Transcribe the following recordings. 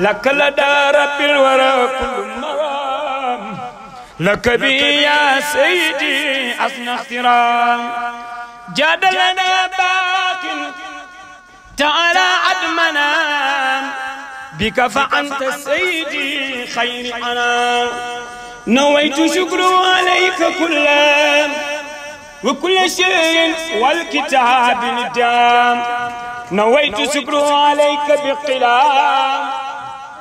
لك لدى رب الورى كل مرام لك بي يا سيدي حسن احترام جاد لنا باك تعالى عدمنا بك فأنت سيدي خير أنا نويت شكر عليك كلا وكل شيء والكتاب ندام نويت شكر عليك بقلام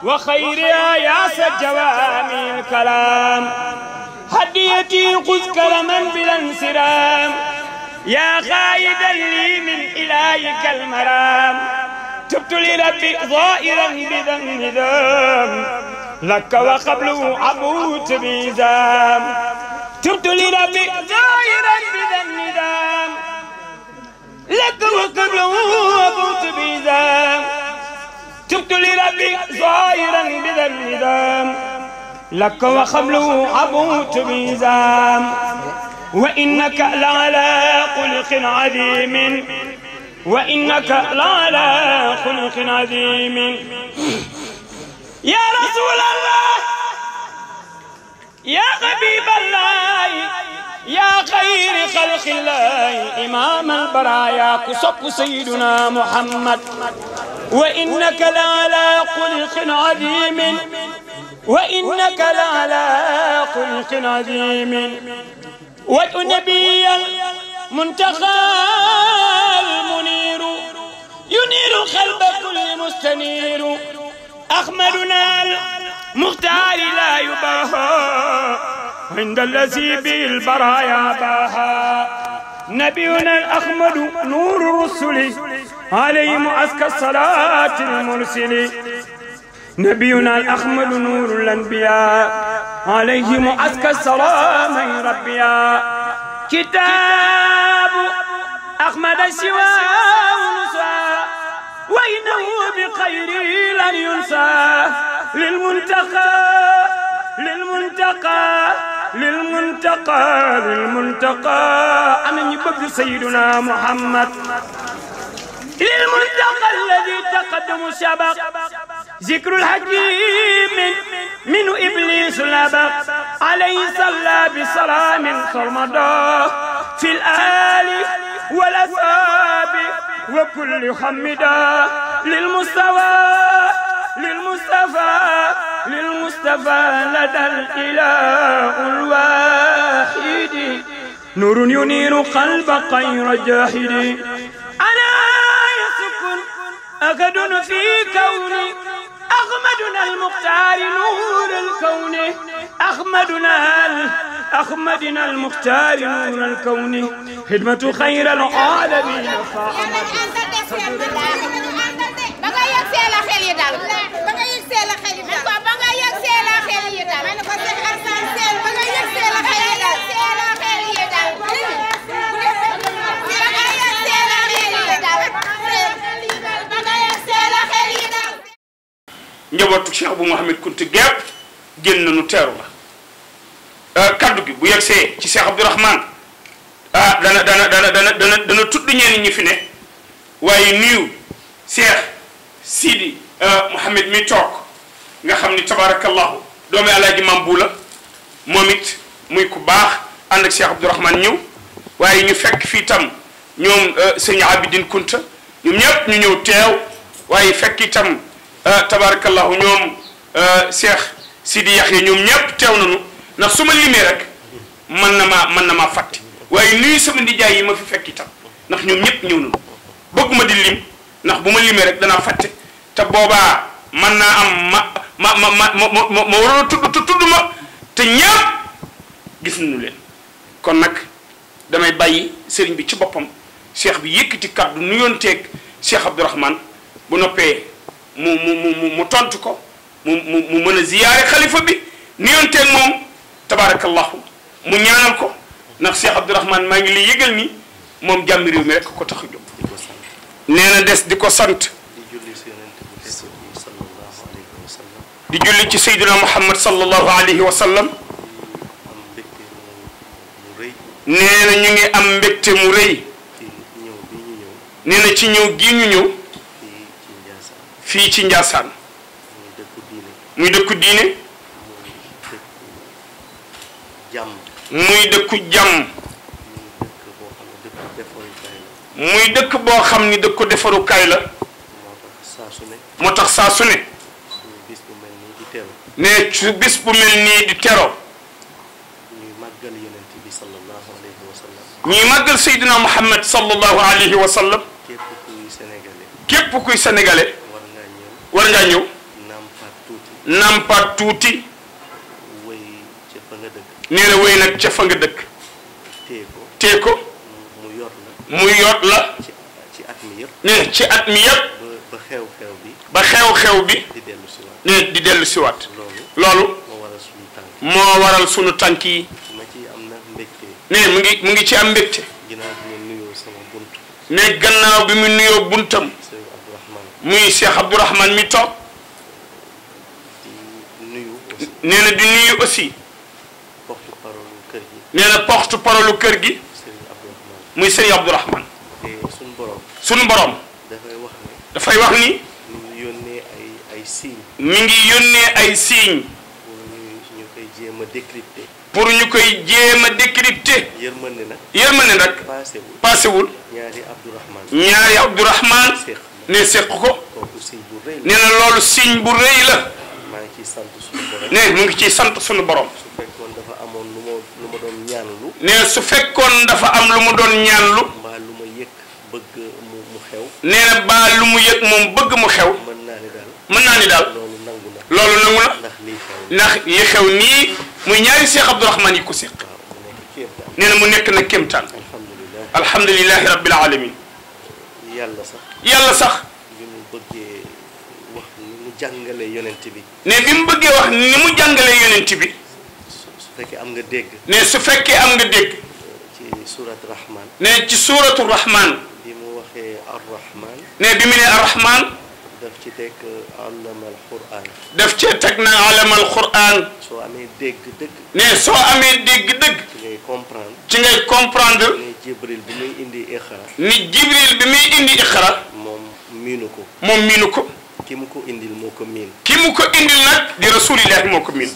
وخيرها يا سجوامي الكلام هديتي خذ كرما بلا انسرام يا خايدا لي من إلهك المرام تبت لربي ظائرا بذنب ذنب لك وقبله أموت بزام تبت لربي ظائرا بذنب ذنب لك وقبله أموت بزام تبت لربي ظاهرا بذا النظام لك وخبله عبوت ميزام وإنك لعلى خلق عظيم وإنك لعلى خلق عظيم يا رسول الله يا حبيب الله يا خير خلق الله إمام البرايا كسب سيدنا محمد وإنك لعلى خلق عظيم وإنك لعلى خلق عظيم والنبي المنتخى المنير ينير قلب كل مستنير أحمدنا المختار لا يباهى عند الذي بالبرايا باهى نبينا أحمد نور الرسل عليهم أزكى الصلاة المرسل نبينا أحمد نور الأنبياء عليهم أزكى السلام ربيا كتاب أحمد سوى نسى وإنه بخير لن ينسى للمنتقى للمنتقى lil muntaqa lil muntaqa ana ñu bëgg sayyiduna muhammad lil muntaqa alladi taqaddamu sabaq zikrul hakim min iblis labaq alayhi salla bi salaamin sarmada fil ali wal asaabi wa kulli hamida lil المصطفى لدى الإله الواحد نور ينير قلب غير جاحد ألا يسكن أكد في كوني أحمدنا المختار نور الكون أحمدنا أحمدنا المختار نور الكون خدمة خير العالمين فأحمد njabootu cheikh bu Mouhamed Kunti gépp génn nañu teeru la ah, kaddu gi bu yegsee ci cheikh Abdourahman ah dana dana dana dana dana dana tudd ñenn ñi fi ne waaye nuyu cheikh Sidi ah, Mouhamed mi toog nga xam ni tabaarakallahu doomi alaaji ji buu la moom it muy ku baax ànd ak Cheikh Abdourahmane ñëw waaye ñu fekk fii tam ñoom euh, sëñ Abidin Kunta ñoom ñëpp ñu ñëw teew waaye fekk itam euh, tabarakallahu ñoom euh, Cheikh Sidi Yaxya ñoom ñëpp teew nañu ndax su ma limee rek mën na maa mën na maa fàtte waaye nuyu sama nijaay yi ma fi fekk itam ndax ñoom ñëpp ñëw nañu bokkuma di lim ndax bu ma limee rek danaa fàtte te boobaa man naa am ma ma ma ma ma ma waroon a tudd tudd ma te ñaar gis nañu leen kon nag damay bàyyi sëriñ bi ci boppam cheikh bi yëkkati kàddu nuyonteeg cheikh Abdourahman bu noppee mu mu mu mu tontu ko mu mu mu mën a ziyaare xalifa bi nuyonteeg moom tabaarakallahu mu ñaanal ko ndax cheikh Abdourahman maa ngi lay yëgal ni moom jàmm réew mi rek ko tax a jóg. nee na des di ko sant. di julli ci sayduna muhammad sallallahu alayhi wa nee na ñu ngi am mbégte mu rëy nee na ci ñëw gii ñu ñëw fii ci njaasaan muy dëkku diine muy dëkku jàmm muy dëkk boo xam ni dëkku defarukaay la moo tax saa su ne ne su bis bu mel nii di tero ñuy màggal yonent bi sallallahu alayhi wa sallam. ñuy màggal Seydina Muhammad sallallahu alayhi wa sallam. képp kuy sénégalais. képp kuy sénégalais. war ngaa ñëw. war tuuti. nampaat tuuti. wéy ca fa nga nee na wéy nag ca fa nga dëkk. tee mu yor la. mu ci at mi yëpp. nee ci ba xew-xew bi. ba xew ne di dellu siwaat loolu moo waral sunu tànk yi ne mu ngi mu ngi ci am mbégte ne gannaaw bi mu nuyoo buntam muy Cheikh Abdourahman mi toog nee na di nuyu aussi nee na porte parole kër gi muy Serigne Abdourahman sunu borom dafay wax ni ay signes. mi ngi yónnee ay signes. pour ñu koy jéem a décrypter. pour ñu koy jéem a décrypter. yërmande nag. yërmande nag. paasewul paasewul. ñaari Abdourahman. ñaari Abdourahman. ne seq ko. nee na loolu signe bu rëy la. maa ciy sant sunu borom. mu ngi ci sant sunu borom. su dafa amoon lu ma lu ma doon ñaanlu. nee su fekkoon dafa am lu ma doon ñaanlu. mbaa lu ma yëg bëgg mu mu xew. nee na mbaa lu mu yëg moom bëgg mu xew. mën naa ni daal loolu nangu na ndax li xew nii muy ñaari seex Abdourahman yi ko seq nee na mu nekk na kéemtaan alhamdulilahi rabbil alamin yàlla sax yàlla sax bi mu bëggee ni mu jàngale yonent bi ne bi bëggee wax mu jàngale yonent bi su fekkee am nga dégg ne su fekkee am nga dégg ci suuratu rahman ne bi mu waxee arrahman daf ci teg alamal quraan. daf ci teg na alamal quraan. soo amee dégg dëgg. soo amee dégg dëgg. ci ngay comprendre. ci ngay comprendre. ni Jibril bi muy indi Iqra. ni Jibril bi muy indi Iqra. moom miinu ko. moom miinu ko. ki mu ko indil moo ko miin. ki mu ko indil nag di rasulillahi moo ko miin.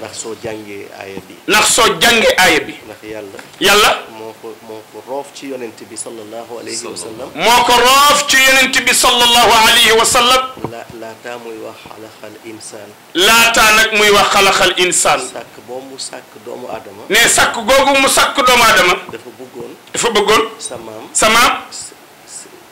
ndax soo jàngee aaya bi. ndax soo jàngee aaya bi. ndax yàlla. yàlla. moo ko moo ko roof ci yonent bi sallallahu alayhi wa sallam. moo ko roof ci yonent bi sallallahu alayhi wa sallam. la laataa muy wax xalaxal insaan. laataa nag muy wax xalaxal insaan. sàkk boo mu sàkk doomu aadama. ne sàkk googu mu sàkk doomu aadama. dafa bëggoon. dafa bëggoon. sa maam sa maam.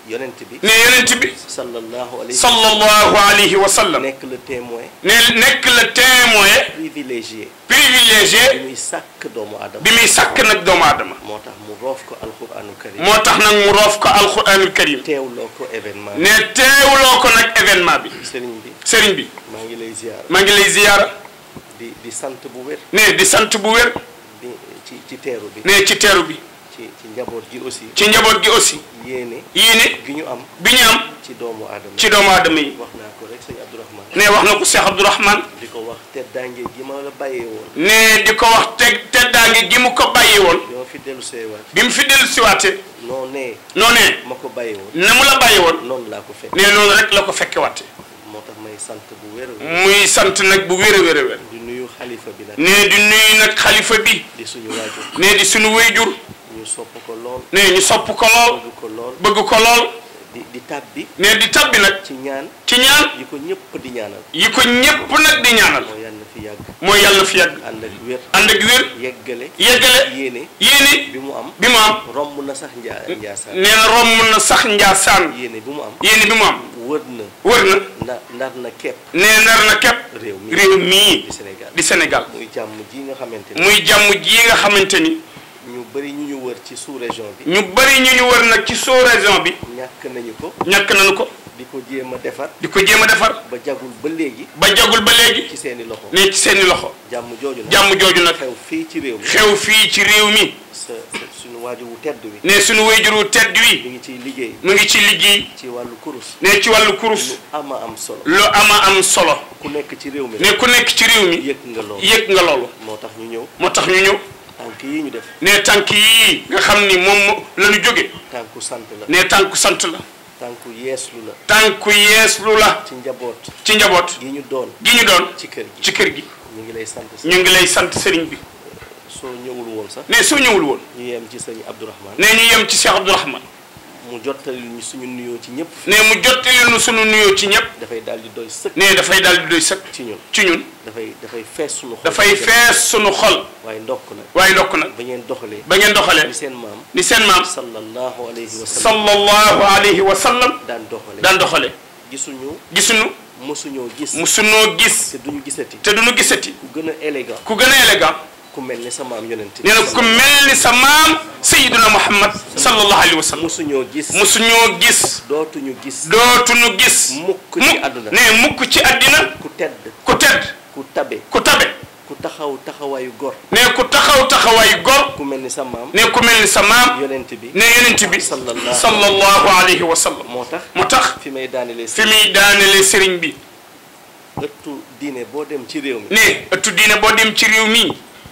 yonent bi ne yonent bi. sallallahu alayhi sallallahu alayhi wa sallam. nekk le témoin. ne nekk le témoin. privilégié. privilégié. bi muy sàkk doomu aadama. bi muy sàkk nag doomu aadama. moo tax mu roof ko alquranul karim. moo tax nag mu roof ko alquranul karim. teewloo ko événement bi. ne teewloo ko nag événement bi. sëriñ bi sëriñ bi. maa ngi lay ziyaara. maa ngi lay ziyaara. di di sant bu wér. ne di sant bu wér. di ci ci teeru bi. ne ci teeru bi. ci ci njaboot gi aussi. ci njaboot gi aussi. yéene yéene. bi ñu am bi ñu am. ci doomu aadama yi ci doomu aadama wax naa ko rek sëñ Abdourahman. ne wax na ko Cheikh Abdourahman. di ko wax teddaange gi ma la bàyyee ne di ko wax te teddaange gi mu ko bàyyee woon. bi fi dellu seewaat. bi mu fi dellu siwaate. noo nee. noo ma ko bàyyee woon. na mu la bàyyee woon. noonu laa ko fekk. ne noonu rek la ko fekke waate. moo may sant bu wér a muy sant nag bu wér a wér a wér. nuyu xalifa bi nag. ne di nuyu nag xalifa bi. ne di suñu waajur. sopp ko lool. nee ñu sopp ko lool. bëgg ko lool bëgg ko lool. di di tabbi. nee di tabbi nag. ci ñaan ci ñaan. yi ko ñëpp di ñaanal. yi ko ñëpp nag di ñaanal. mooy yàlla fi yàgg. mooy yàlla fi yàgg. ànd ak wér. ànd ak wér. yeggale. yeggale yéene. yéene bi mu am. bi mu am romb na sax njaa njaasaan. nee na romb na sax njaasaan. yéene bi mu am. yéene bi mu am. wër na. wër na. na nar na kepp. nee nar na kepp. réew mi réew mii di Sénégal. di Sénégal. muy jàmm ji nga xamante ni. muy jàmm ji nga xamante ni. ñu bëri ñu ñu wër ci sous-région bi. ñu bëri ñu ñu wër nag ci soo région bi. ñàkk nañu ko. ñàkk nañu ko. di ko jéem a defar. di ko jéem a defar. ba jagul ba léegi. ba jagul ba léegi. ci seen i loxo ne ci seen i loxo. jàmm jooju nag jàmm jooju nag. xew fii ci réew mi xew fii ci réew mi. sa suñu waajur wu tedd wi. ne suñu waajur wu tedd wi. mu ngi ciy liggéey. mu ngi ci liggéey. ci wàllu kurus. ne ci wàllu kurus. lu ama am solo. lu ama am solo. ku nekk ci réew mi ne ku nekk ci réew mi. yëg nga loolu yëg nga loolu. moo tax ñu ñëw moo tax ñu ñëw. tànk yii ñu def. ne tànk yii nga xam ni moom la ñu jóge. tànku sant la ne tànku sant la. tànku yeeslu la. tànku yeeslu la. ci njaboot. ci njaboot. gi ñu doon gi ñu ci kër gi ci kër gi. ñu ngi lay sant ñu ngi lay sant sëriñ bi. soo ñëwul woon sax. ne soo ñëwul woon. ñu yem ci sëñ Abdourahman. ne ñu yem ci sëñ Abdourahman. mu jottali ñu suñu nuyoo ci ñëpp. ne mu jottali ñu suñu nuyoo ci ñëpp. dafay daal di doy ne dafay daal di doy sëkk. ci ñun ci ñun. dafay dafay fees suñu xol. dafay fees suñu xol. waaye ndokk nag. waaye ndokk nag. ba ngeen doxalee. ba ngeen doxalee. ni seen maam. ni seen maam. sallallahu alayhi wa sallam. sallallahu alayhi wa sallam. daan doxalee daan doxalee. gisuñu. gisuñu. mosuñoo gis. mosuñoo gis. te duñu gisati. te duñu gisati. ku gën a élégant. ku gën ku mel ni sa maam yonent nee na ku mel ni sa maam sayyiduna muhammad sallallahu alayhi wa sallam musuñoo gis musuñoo gis dootuñu gis dootuñu gis mukk ci àdduna ne mukk ci àddina ku tedd ku ku tabe ku ku taxaw taxawaayu gor. ne ku taxaw taxawaayu gor. ku mel ni sa maam. ne ku mel ni sa maam. yonent bi ne yonent bi. sallallahu alayhi moo tax moo tax. fi may daanelee fi muy daanelee bi. ëttu diine boo dem ci réew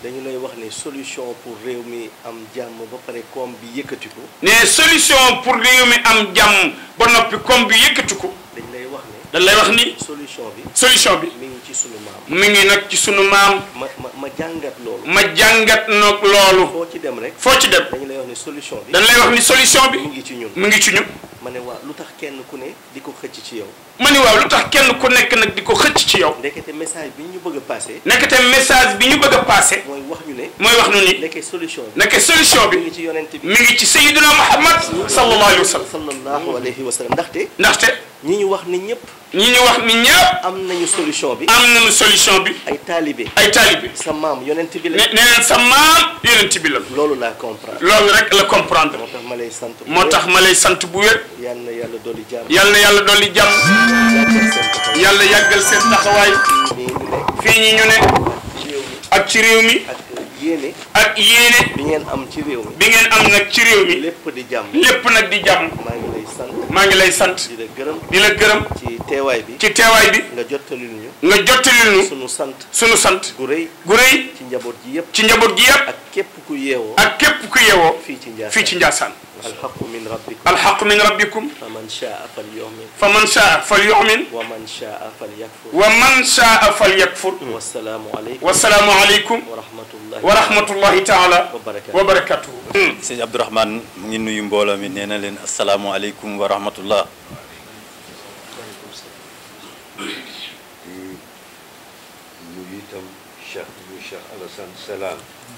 dañu lay wax ne solution pour réew mi am jàmm ba pare koom bi yëkkatiku. ne solution pour réew mi am jàmm ba noppi koom bi yëkkatiku. dañ lay wax ne. dañ lay wax ni. solution bi. solution bi mi ngi ci sunu maam. mi ngi nag ci sunu maam. ma ma ma jàngat loolu. ma jàngat nag loolu. foo ci dem rek. foo ci dem. dañ lay wax ni solution bi. dañ lay ni solution bi. mi ngi ci ñun mi ngi ci ñun. ma ne waa lu tax kenn ku ne di ko xëcc ci yow. ma ni waaw lu tax kenn ku nekk nag di ko xëcc ci yow. nekkate message bi ñu bëgg a passé. nekkate message bi ñu bëgg a passé. mooy wax ñu ne. mooy wax ñu ni. nekkee solution bi. nekkee solution bi mi ngi ci yonent bi mi ngi ci Seydina Muhammad. sallallahu alayhi wa sallam sallallahu alayhi wa sallam ndaxte. ndaxte. ñi ñu wax ni ñëpp. ñi ñu wax ni ñëpp. am nañu solution bi. am nañu solution bi. ay taalibe. ay taalibe. sa maam yonent bi la. nee neen sa maam yonent bi la. loolu laa comprendre. loolu rek la comprendre. moo tax ma sant bu wér moo tax ma sant bu wér. yal na yàlla dolli jàmm. yal na yàlla dolli jàmm. yàlla yàggal seen taxawaay. fii ñi ñu ne. ak ci réew mi. yéene ak yéene. bi ngeen am ci réew mi. bi ngeen am nag ci réew mi. lépp di jàmm lépp nag di jàmm. maa ngi lay sant. di la gërëm di la gërëm. ci teewaay bi ci teewaay bi. nga jottalil ñu. nga jottalil ñu. sunu sant sunu sant. gu rëy gu rëy. ci njaboot gi yëpp ci njaboot gi yëpp. ak képp ku yeewoo. ak képp ku yeewoo. fii ci Ndiassane fii ci Ndiassane. alxaqu min rabbikum alxaqu min rabbikum. fa man shaa fal yu'min. fa man shaa fal yu'min. wa man shaa fal yakfur. wa man shaa fal yakfur. wasalaamu aleykum wasalaamu aleykum. wa rahmatullahi wa rahmatullahi taala wa barakatuh. sëñ Abdourahmane mu ngi nuyu mbooloo mi nee na leen asalaamu aleykum. aleykum wa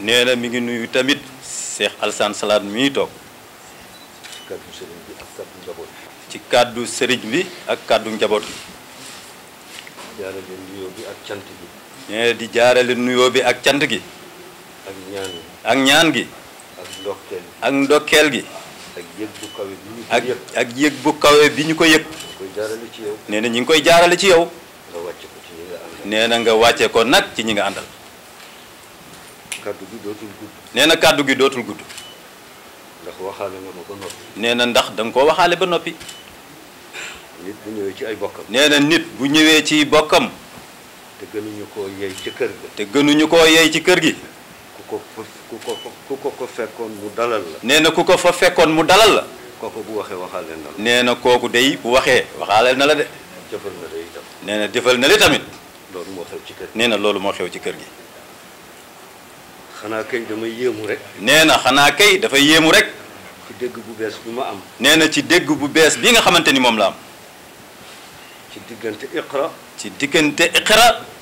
nee mi ngi nuyu tamit cheikh Alassane Salaan mii toog ci kàddu ci kàddu bi ak kàddu njaboot bi cant di jaarale nuyoo bi ak cant gi ak ñaan gi gi ak ndokkeel gi ak yëg bu kawe bi ñu ko yëg ak ak yëg bu kawe bi ñu ko yëg. nee na ñu ngi koy jaarale ci yow. nee na nga wàcce ko nag ci ñi nga àndal. kàddu gi dootul gudd. nee na kàddu gi dootul gudd. ndax waxaale nga ma ba noppi. nee na ndax danga koo waxaale ba noppi. bu ñëwee ci ay bokkam. nee na nit bu ñëwee ci bokkam. te gënuñu koo yey gënuñu koo yey ci kër gi. ku ko ku ko ko fekkoon mu dalal la. nee na ku ko fa fekkoon mu dalal la. kooku bu waxee waxaale nee na kooku day bu waxee waxaale na la de. jëfal na nee na jëfal na la tamit. loolu moo ci kër nee na loolu moo xew ci kër gi. xanaa kay dama yéemu rek. nee na xanaa kay dafa yéemu rek. ci dégg bu bees bi ma am. nee na ci dégg bu bees bi nga xamante ni moom la am. ci diggante Iqra. ci diggante Iqra.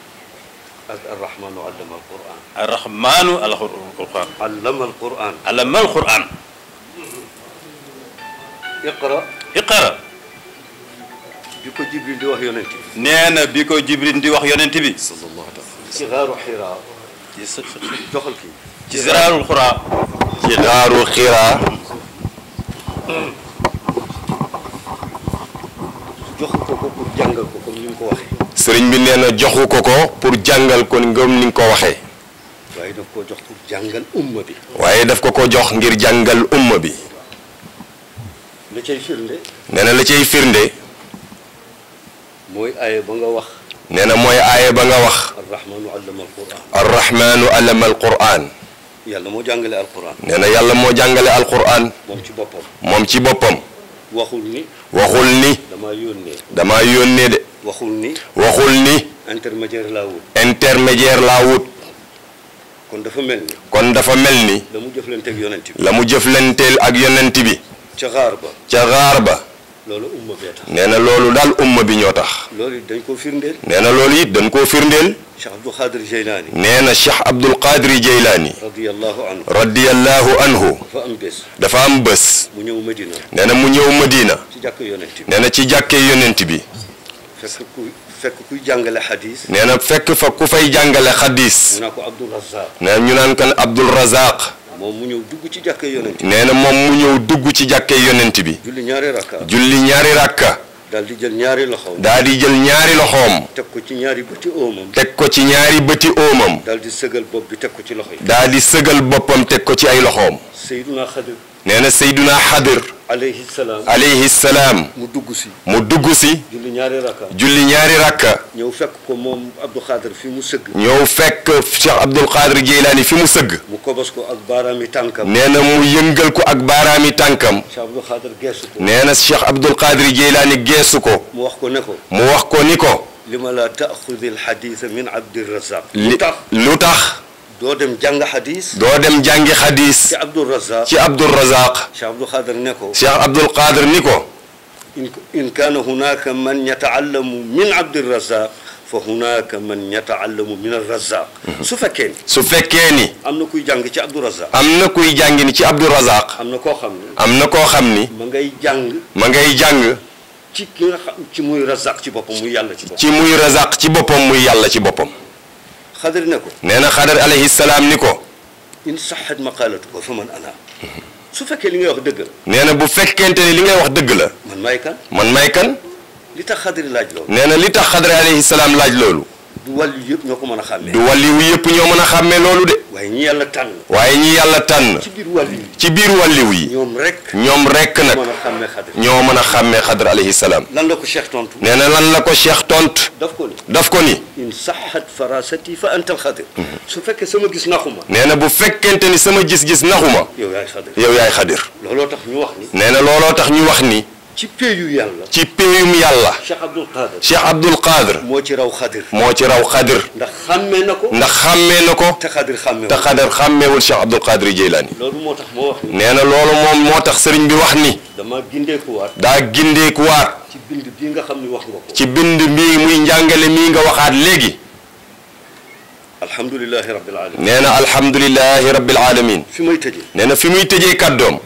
ak arrahmaanu allama alquran. arrahmaanu alquran. allama alquran. allama alquran. iqra. iqra. bi ko Jibril di wax yonent bi. nee na bi ko Jibril di wax yonent bi. sallallahu alayhi wa sallam. ci gaaru xiraa. joxal kii. ci gaaru xiraa. ci gaaru xiraa. jox ko ko pour jàngal ko comme ni mu ko waxee. sëriñ bi nee na joxu ko ko pour jàngal ko ngëm ni nga ko waxee. waaye daf ko jox pour jàngal bi. waaye daf ko ko jox ngir jàngal umma bi. la cay firnde. nee na la cay firnde. mooy aaye ba nga wax. nee na mooy aaye ba nga wax. arrahmaanu allama alquran. arrahmaanu allama alquran. yàlla moo jàngale alquran. nee na yàlla moo jàngale alquran. ci boppam. moom ci boppam. waxul ni. waxul ni. dama yónnee. damaa yónnee de. waxul ni. waxul ni. intermédiaire laa wut. intermédiaire laa wut. kon dafa mel ni. kon dafa mel ni. la mu jëflanteel ak yonent la mu jëflanteel ak yonent bi. ca xaar ba. ca xaar ba. loolu umma bee nee na loolu daal umma bi ñoo tax. loolu it dañ koo firndeel. nee na loolu it dañ koo firndeel. Cheikh Abdul Qadir Jeylaani. nee na Cheikh Abdul Qadir Jeylaani. radiyallahu anhu. radiyallahu anhu. dafa am bés. dafa am bés. mu ñëw Medina. nee na mu ñëw Medina. ci jàkkee yonent bi. nee na ci jàkkee yonent bi. fekk ku fekk kuy jàngale xadis. nee na fekk fa ku fay jàngale xadis. ñu naan ko Abdul Razaq. na ñu naan kan Abdul Razaq. moom mu ñëw dugg ci jàkkee yonent bi. nee na moom mu ñëw dugg ci jàkkee yonent bi. julli ñaari rakka. julli ñaari rakka. daal di jël ñaari loxoom. daal di jël ñaari loxoom. teg ko ci ñaari bëti oomam. teg ko ci ñaari bëti oomam. daal di sëgal bopp bi teg ko ci loxo yi. daal di sëgal boppam teg ko ci ay loxoom. Seydina Xadir. nee na Seyduna Xadir. alayhi salaam alayhi salaam. mu dugg si mu dugg si. julli ñaari rakka julli ñaari rakka. ñëw fekk ko moom Abdou Khader fi mu sëgg. ñëw fekk Cheikh Abdou Khader Jeylaani fi mu sëgg. mu kobos ko ak baaraami tànkam. nee na mu yëngal ko ak baaraami tànkam. Cheikh Abdou Khader geesu ko. nee na Cheikh Abdou Khader Jeylaani geesu ko. mu wax ko ne ko. mu wax ko ni ko. li ma la taaxudil xadiisa min Abdir Razaq. lu tax lu tax. doo dem jàng xadis. doo dem jàngi xadis. ci Abdul Razaq ci Abdul Razaq. Cheikh Abdul Qadir ne ko. Cheikh Abdul Qadir ni ko. in kaana hunaaka man yataallamu min Abdul Razaq fa hunaaka man yataallamu min Razaq. Mhm. su fekkee ni. su fekkee ni. am na kuy jàng ci Abdul Razaq. am na kuy jàng ni ci Abdul Razaq. am na koo xam ni. am na koo xam ni. ma ngay jàng. ma ngay jàng. ci ki nga xam ci muy Razaq ci boppam muy yàlla ci boppam. ci muy Razaq ci boppam muy yàlla ci boppam. xadar ne ko. nee na xadar alayhi salaam ni ko. in saxat maqaalatuka fa su fekkee li dëgg nee na bu fekkente ni li ngay wax dëgg la. man man may li tax xadar laaj loolu. nee na li tax xadar alayhi salaam laaj loolu. du wàllu yëpp ñoo ko mën a xàmmee. du wàllu yëpp ñoo mën a xàmmee loolu de. waaye ñi yàlla tànn. waaye ñi yàlla tànn. ci biir wàllu yi ci biir wàllu yi. ñoom rek. ñoom rek nag ñoo mën a xàmmee xadr alayhi salaam. lan la ko cheikh tontu. nee na lan la ko cheikh tontu. daf ko ni ko ni. in saxat farasati fa antal xadr. Mhm. su fekkee sama gis naxu nee na bu fekkente ni sama gis-gis naxu ma. yow yaay xadr yow yaay xadr. looloo tax ñu wax ni. looloo tax ñu wax ni. ci péeyum yàlla. ci péeyum yàlla. Cheikh Abdoul Khadir. Cheikh moo ci raw Khadir. moo ci raw Khadir. ndax xàmmee na ko. ndax xàmmee na ko. te Khadir xàmmewul te Khadir xàmmewul Cheikh Abdoul Khadir Jeylaani. loolu moo tax moo nee na loolu moom moo tax sëriñ bi wax ni. dama gindeekuwaat. daa gindeekuwaat. ci bind bii nga xam ni wax nga ci bind bii muy njàngale mii nga waxaat léegi. alhamdulilahi rabbil alamin. nee na alhamdulilahi rabbil alamin. fi may tëjee. nee na fi muy tëjee kàddoom.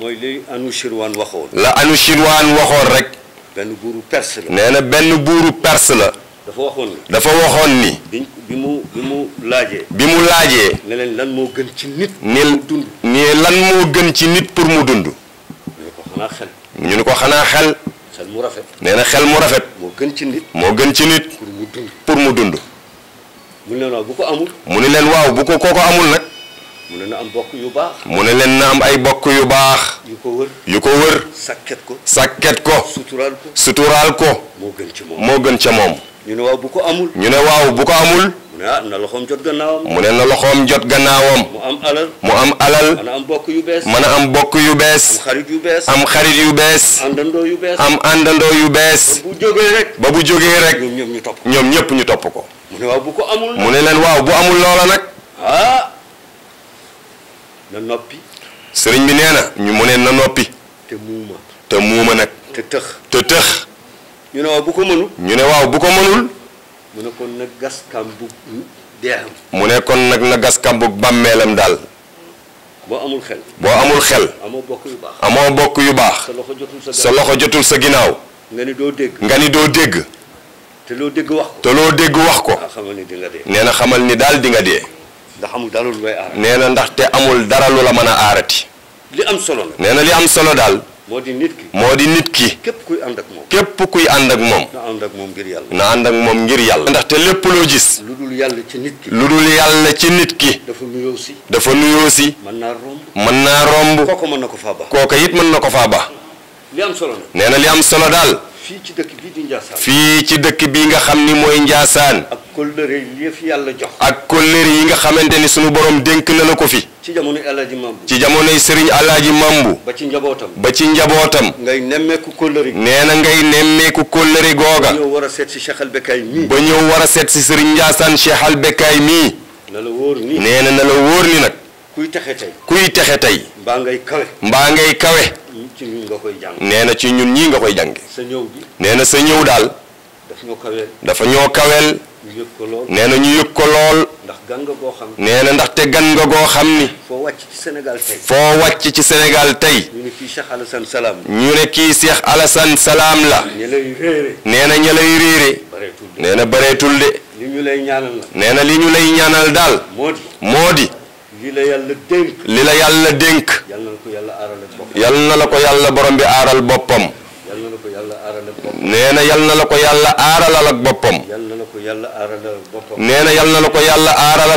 mooy li Anushirwan waxoon. la Anushirwan waxoon rek. benn buuru perse nee na benn buuru perse la. dafa waxoon ni. dafa waxoon ni. bi mu bi mu laajee. bi mu laajee. ne lan moo gën ci nit. ni dund lan moo gën ci nit pour mu dund. ñu ñu ne ko xanaa xel. xel mu rafet. nee na xel mu rafet. moo gën ci nit. moo gën ci nit. pour mu dund pour mu dund. mu ne leen waaw bu ko amul. mu ne leen waaw bu ko kooko amul nag. mu ne na am bokk yu baax. mu ne leen na am ay bokk yu baax. yu ko wër yu ko wër. sàkket ko sàkket ko. suturaal ko suturaal ko. moo gën ca moom. ñu ne waaw bu ko amul. ñu ne waaw bu ko amul. mu ne ah na loxoom jot gannaawam. na loxoom jot gannaawam. mu am alal mu am alal. mën am bokk yu bees. mën a am bokk yu bees. am am xarit yu bees. am àndandoo am àndandoo yu bees. ba bu jógee rek. ba bu ñu topp ñoom ñëpp ñu topp ko. leen waaw bu amul loola nag. Ah. na noppi. sëriñ bi nee na ñu mu ne na noppi. te muuma. te muuma nag. te tëx te tëx. ñu ne waaw bu ko mënul. ñu ne waaw bu ko mënul. mu ne kon nag gas kàmbu mu ne kon nag na gas kàmbu bàmmeelam daal. boo amul xel. boo amul xel. amoo bokk yu baax. yu baax. sa loxo jotul sa loxo jotul sa ginnaaw. nga ni doo dégg. nga ni doo dégg. te loo dégg wax ko. te loo dégg wax ko. Ah, nee na xamal ni daal di nga dee. ndax amul dara lu nee na ndaxte amul dara lu la mën a aarati. li am solo nee na li am solo daal. moo di nit ki moo di nit ki. képp kuy ànd ak moom képp kuy ànd ak moom. na ànd ak moom ngir yàlla. na ànd ak moom ngir yàlla. ndaxte lépp loo gis. lu dul yàlla ci nit ki. lu dul yàlla ci nit ki. dafa nuyoo si. dafa nuyoo si. mën naa romb. mën naa romb. kooka mën na ko faa ba. it mën na ko faa ba. am solo nee na li am solo daal. fii ci dëkk bii di Ndiassane. fii ci dëkk bii nga xam ni mooy Ndiassane. ak kóllëre yi yàlla jox. ak kóllëre yi nga xamante ni sunu borom dénk na la ko fi. ci jamonoy Alaaji Mambu. ci jamonoy Serigne Alaaji Mambu. ba ci njabootam. ba ci njabootam. ngay nemmeeku kóllëre. nee na ngay nemmeeku kóllëre googa. ba ñëw war a seet si Cheikh Albekaay mii. ba ñëw war a seet si Serigne Ndiassane Cheikh Albekaay mii. na ni nee na la wóor ni nag. kuy texe tey. kuy tey. mbaa ngay kawe. ci koy jàng. nee na ci ñun ñii nga koy jànge. sa ñëw nee na sa ñëw daal. dafa ñoo kaweel. dafa ñoo kaweel. ñu yëg ko lool nee na ñu yëg ko lool. ndax gan nga xam nee na ndaxte gan nga goo xam ni. foo wàcc ci Sénégal tey. foo wàcc ci Sénégal tey. ñu ne kii Cheikh Alassane Salaam. ñu ne kii Cheikh Alassane Salaam la. ña nee na ña lay réere. nee na bareetul de. li ñu nee na li ñu lay ñaanal daal. moo moo di. li la yàlla dénk. li la yàlla dénk. yal na la ko yàlla aaral boppam. yal na la ko yàlla borom bi aaral boppam. yal na la ko yàlla aaral ak boppam. nee na yal na la ko yàlla aaralal ak boppam.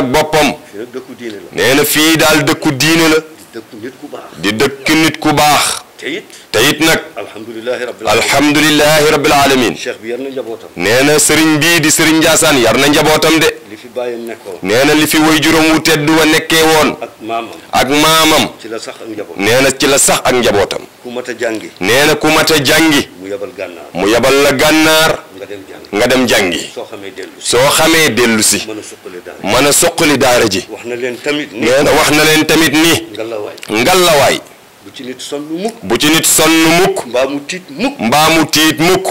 yal ak boppam. nee fii daal dëkku diine la. di dëkku nit ku baax. di dëkk nit ku baax. te it nag. alhamdulilahi rabbil alamin nee na sëriñ bii di sëriñ Ndiassane yar na njabootam de. nee na li fi way juróom wu tedd wa nekkee woon. ak maamam. nee na ci la sax ak njabootam. nee na ku mat a jàngi. mu yabal la gànnaar. nga dem jàngi. soo xamee dellu si. mën a suqali daara ji. nee na wax na leen tamit ni. ngalla waay. bu ci nit sonn mukk. bu ci nit sonn mukk. mbaa mu tiit mukk. mbaa mu tiit mukk.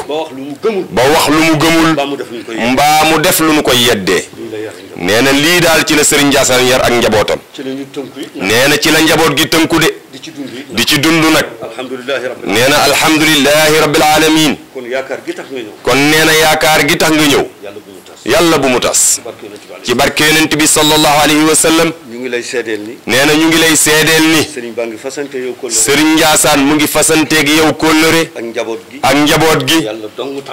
ba wax lu mu gëmul. ba wax lu mu gëmul. mbaa mu def lu ñu koy yeddee mbaa mu def lu ñu koy yeddee. nee na lii daal ci la Serigne Ndiassane yar ak njabootam. ci la ñu tënku nee na ci la njaboot gi tënku de. di ci dund nag di ci dund nag. nee na alhamdulilahi rabbil alamin. kon yaakaar gi tax nga kon nee na yaakaar gi tax nga ñëw. yàlla bu mu tas. ci barke yonent bi sallallahu alayhi wa sallam. ñu ngi lay seedeel ni. nee na ñu ngi lay seedeel ni. Serigne Ba ngi fasante yow kóllëre. Serigne Ndiassane mu ngi fasanteeg yow kóllëre. ak njaboot gi ak njaboot gi.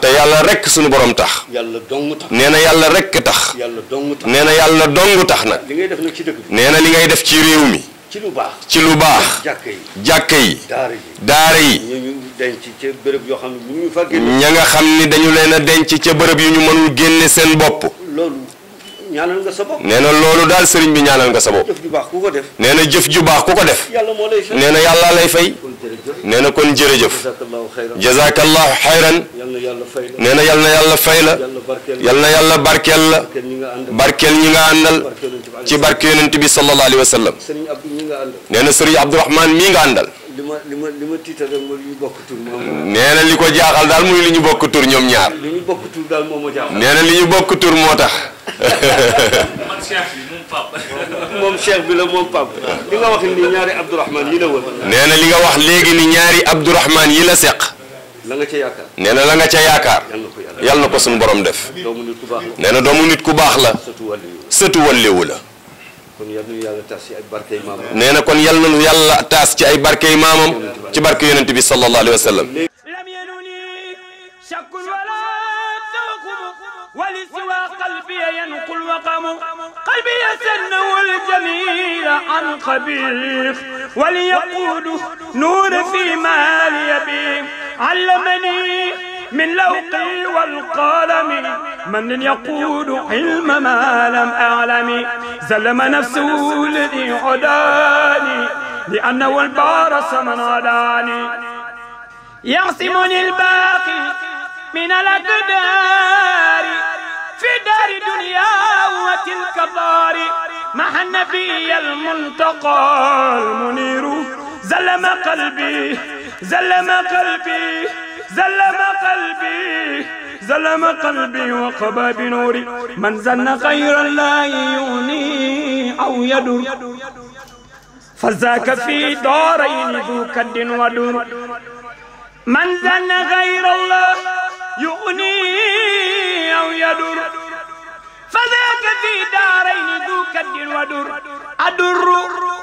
te yàlla rek sunu borom tax. yàlla dong nee na yàlla rek tax. yàlla dong nee na yàlla dong tax nag. nee na li ngay def ci réew mi. ci lu baax ci lu baax. yi jàkka yi. daara yi yi. ñu denc ca bërëb yoo xam ne mënuñu fa ña nga xam ni dañu leen a denc ca bërëb yi ñu mënul génne seen bopp. loolu ñaanal nga sa nee na loolu daal sëriñ bi ñaanal nga sa bopp jëf ju ku ko def nee na jëf ju baax ku ko def yàlla moo fay nee na yàlla lay fay nee na kon jërëjëf jazakallahu xayran nee na yal na yàlla fay la yal na yàlla barkeel la barkeel ñi nga àndal ci barke yonent bi sallallahu alayhi wa sallam nee na sëriñ Abdourahman mii nga àndal li li ma li ma tiitaloon mooy li ñu bokk tur. nee na li ko jaaxal daal muy li ñu bokk tur ñoom ñaar. li ñu bokk daal moom moo jaaxal. li ñu bokk tur moo tax. man cheikh bi bi la moom Pape. li nga wax ni ñaari Abdourahman yi nee na li nga wax léegi ni ñaari Abdourahman yi la seq. la nga ca yaakaar. nee na la nga ca yaakaar. yàlla na ko suñu borom def. nee na doomu nit ku baax la. sëtu wàlliwu la. nee na kon yal nañu yàlla taas ci ay barkey maamam ci barke yonent bi sallallahu alayhi wa sallam ولسوى قلبي ينقل وقم قلبي يسنه الجميل عن قبيح وليقود نور فيما ليبي علمني من لوقي والقلم من يقود علم ما لم أعلم سلم نفسه الذي هداني لأنه البارس من هداني يعصمني الباقي من الأقدار في دار دنيا وتلك داري مع النبي الملتقى المنير زلم قلبي زلم قلبي زلم قلبي زلم قلبي وقبى بنوري من زن خيرا لا يغني أو يدر فذاك في دارين ذو كد ودر من زن غير الله يغني أو يدر فذاك في دارين ذو كد ودر أدر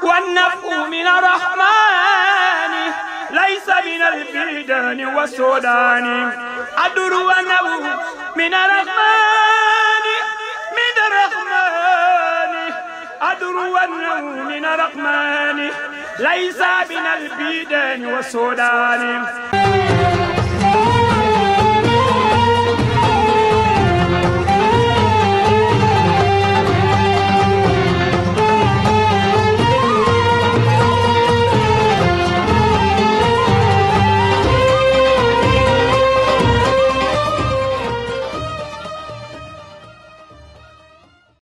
والنفع من رحمانه ليس من البيدان والسودان أدر ونو من الرحمن من الرحمن أدر ونو من الرحمن ليس من البيدان والسودان